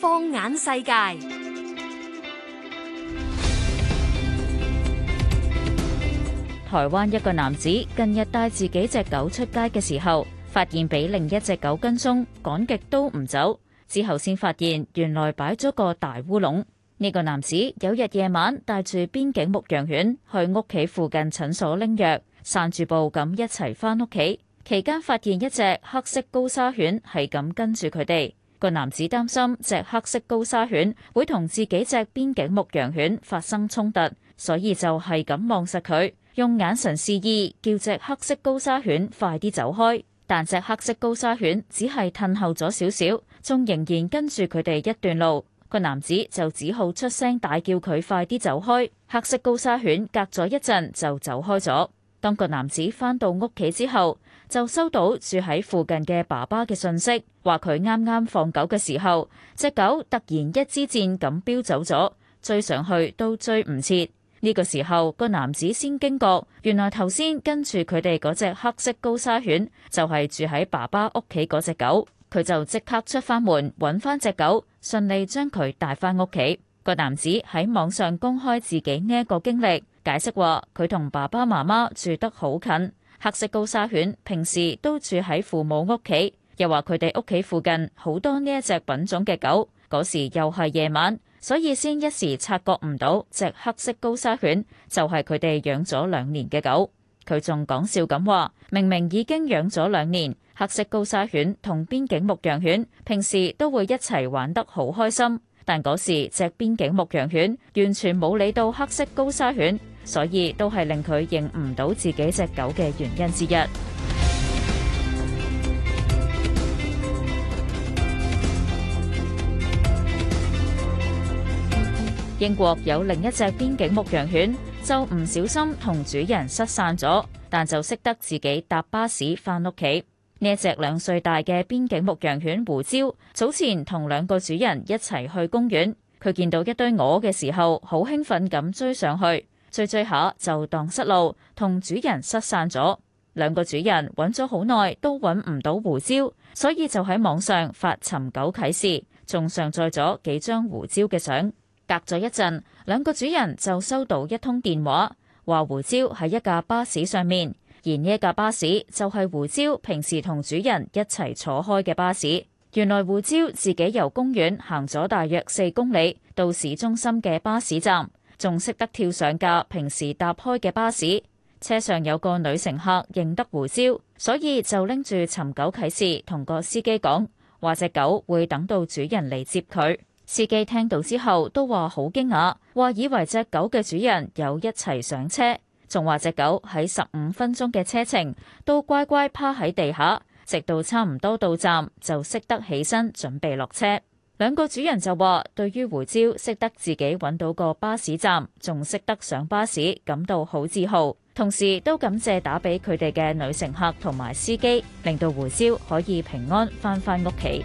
放眼世界，台灣一個男子近日帶自己隻狗出街嘅時候，發現俾另一隻狗跟蹤，趕極都唔走，之後先發現原來擺咗個大烏龍。呢個男子有日夜晚帶住邊境牧羊犬去屋企附近診所拎藥，散住步咁一齊翻屋企。期間發現一隻黑色高沙犬係咁跟住佢哋。個男子擔心隻黑色高沙犬會同自己隻邊境牧羊犬發生衝突，所以就係咁望實佢，用眼神示意叫隻黑色高沙犬快啲走開。但隻黑色高沙犬只係褪後咗少少，仲仍然跟住佢哋一段路。個男子就只好出聲大叫佢快啲走開。黑色高沙犬隔咗一陣就走開咗。當個男子返到屋企之後，就收到住喺附近嘅爸爸嘅信息，話佢啱啱放狗嘅時候，隻狗突然一支箭咁飆走咗，追上去都追唔切。呢個時候個男子先驚覺，原來頭先跟住佢哋嗰隻黑色高沙犬就係住喺爸爸屋企嗰隻狗，佢就即刻出翻門搵翻隻狗，順利將佢帶翻屋企。個男子喺網上公開自己呢一個經歷，解釋話佢同爸爸媽媽住得好近。黑色高砂犬平時都住喺父母屋企，又話佢哋屋企附近好多呢一隻品種嘅狗。嗰時又係夜晚，所以先一時察覺唔到隻黑色高砂犬就係佢哋養咗兩年嘅狗。佢仲講笑咁話：明明已經養咗兩年，黑色高砂犬同邊境牧羊犬平時都會一齊玩得好開心，但嗰時隻邊境牧羊犬完全冇理到黑色高砂犬。所以都係令佢認唔到自己隻狗嘅原因之一。英國有另一隻邊境牧羊犬，就唔小心同主人失散咗，但就識得自己搭巴士返屋企。呢一隻兩歲大嘅邊境牧羊犬胡椒，早前同兩個主人一齊去公園，佢見到一堆鵝嘅時候，好興奮咁追上去。追追下就蕩失路，同主人失散咗。兩個主人揾咗好耐都揾唔到胡椒，所以就喺網上發尋狗啟事，仲上載咗幾張胡椒嘅相。隔咗一陣，兩個主人就收到一通電話，話胡椒喺一架巴士上面，而呢架巴士就係胡椒平時同主人一齊坐開嘅巴士。原來胡椒自己由公園行咗大約四公里到市中心嘅巴士站。仲識得跳上架平時搭開嘅巴士。車上有個女乘客認得胡椒，所以就拎住尋狗啟示同個司機講，話隻狗會等到主人嚟接佢。司機聽到之後都話好驚訝，話以為隻狗嘅主人有一齊上車，仲話隻狗喺十五分鐘嘅車程都乖乖趴喺地下，直到差唔多到站就識得起身準備落車。兩個主人就話：對於胡椒識得自己揾到個巴士站，仲識得上巴士，感到好自豪。同時都感謝打俾佢哋嘅女乘客同埋司機，令到胡椒可以平安返返屋企。